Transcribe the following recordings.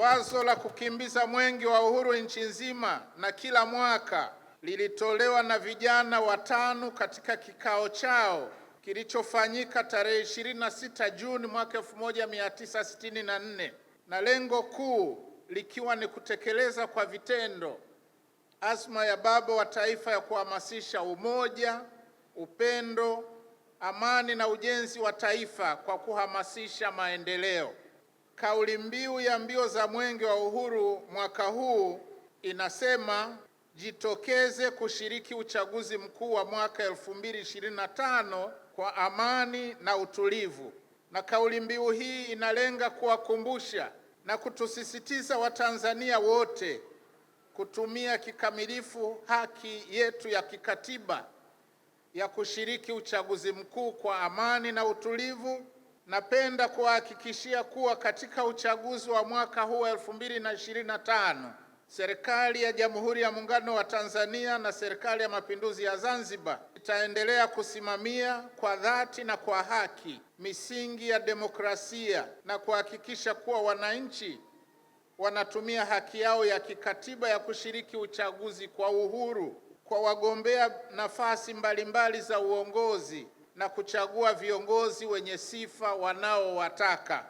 Wazo la kukimbiza mwenge wa uhuru nchi nzima na kila mwaka lilitolewa na vijana watano katika kikao chao kilichofanyika tarehe 26 Juni mwaka 1964 na lengo kuu likiwa ni kutekeleza kwa vitendo azma ya Baba wa Taifa ya kuhamasisha umoja, upendo, amani na ujenzi wa taifa kwa kuhamasisha maendeleo. Kauli mbiu ya mbio za Mwenge wa Uhuru mwaka huu inasema jitokeze kushiriki uchaguzi mkuu wa mwaka 2025 kwa amani na utulivu. Na kauli mbiu hii inalenga kuwakumbusha na kutusisitiza Watanzania wote kutumia kikamilifu haki yetu ya kikatiba ya kushiriki uchaguzi mkuu kwa amani na utulivu napenda kuwahakikishia kuwa katika uchaguzi wa mwaka huu 2025 serikali ya Jamhuri ya Muungano wa Tanzania na serikali ya Mapinduzi ya Zanzibar itaendelea kusimamia kwa dhati na kwa haki misingi ya demokrasia na kuhakikisha kuwa wananchi wanatumia haki yao ya kikatiba ya kushiriki uchaguzi kwa uhuru kwa wagombea nafasi mbalimbali za uongozi na kuchagua viongozi wenye sifa wanaowataka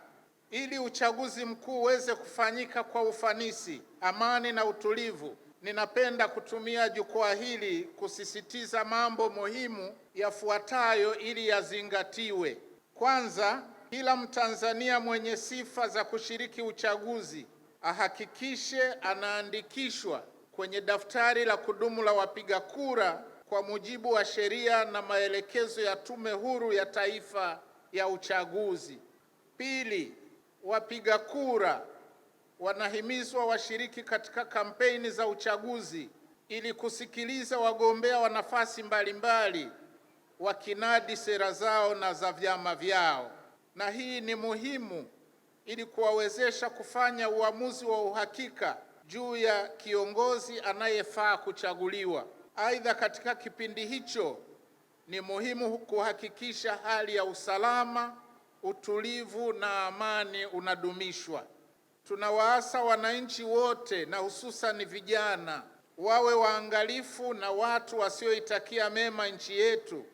ili uchaguzi mkuu uweze kufanyika kwa ufanisi, amani na utulivu. Ninapenda kutumia jukwaa hili kusisitiza mambo muhimu yafuatayo ili yazingatiwe. Kwanza, kila Mtanzania mwenye sifa za kushiriki uchaguzi ahakikishe anaandikishwa kwenye daftari la kudumu la wapiga kura kwa mujibu wa sheria na maelekezo ya Tume Huru ya Taifa ya Uchaguzi. Pili, wapiga kura wanahimizwa washiriki katika kampeni za uchaguzi ili kusikiliza wagombea wa nafasi mbalimbali wakinadi sera zao na za vyama vyao, na hii ni muhimu ili kuwawezesha kufanya uamuzi wa uhakika juu ya kiongozi anayefaa kuchaguliwa. Aidha, katika kipindi hicho ni muhimu kuhakikisha hali ya usalama, utulivu na amani unadumishwa. Tunawaasa wananchi wote na hususani vijana wawe waangalifu na watu wasioitakia mema nchi yetu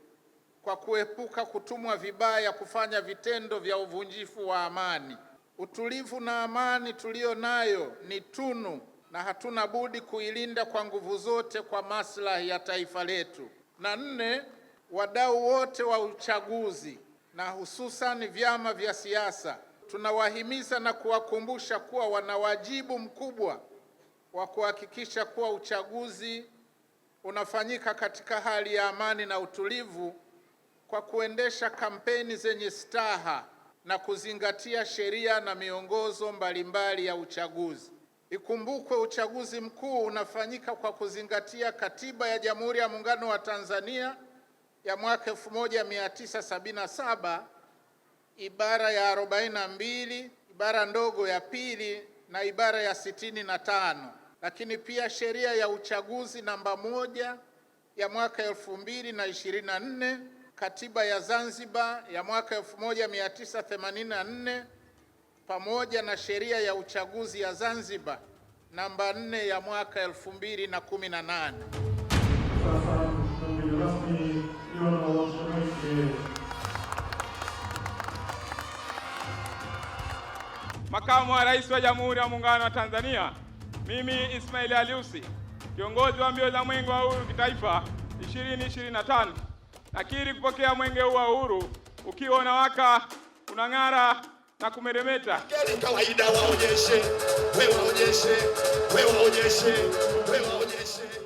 kwa kuepuka kutumwa vibaya kufanya vitendo vya uvunjifu wa amani. Utulivu na amani tuliyo nayo ni tunu na hatuna budi kuilinda kwa nguvu zote kwa maslahi ya taifa letu. Na nne, wadau wote wa uchaguzi na hususan vyama vya siasa tunawahimiza na kuwakumbusha kuwa wana wajibu mkubwa wa kuhakikisha kuwa uchaguzi unafanyika katika hali ya amani na utulivu kwa kuendesha kampeni zenye staha na kuzingatia sheria na miongozo mbalimbali ya uchaguzi. Ikumbukwe uchaguzi mkuu unafanyika kwa kuzingatia Katiba ya Jamhuri ya Muungano wa Tanzania ya mwaka 1977 ibara ya 42 ibara ndogo ya pili na ibara ya sitini na tano, lakini pia sheria ya uchaguzi namba moja ya mwaka elfu na na nne, katiba ya Zanzibar ya mwaka 1984 pamoja na sheria ya uchaguzi ya Zanzibar namba 4 ya mwaka 2018. Makamu wa Rais wa Jamhuri ya Muungano wa Tanzania, mimi Ismail Aliusi, kiongozi wa mbio za Mwenge wa Uhuru kitaifa 2025, nakiri kupokea mwenge huu wa uhuru ukiwa unawaka, unang'ara na kumeremeta. Kawaida waonyeshe, wewe waonyeshe, wewe waonyeshe, we waonyeshe.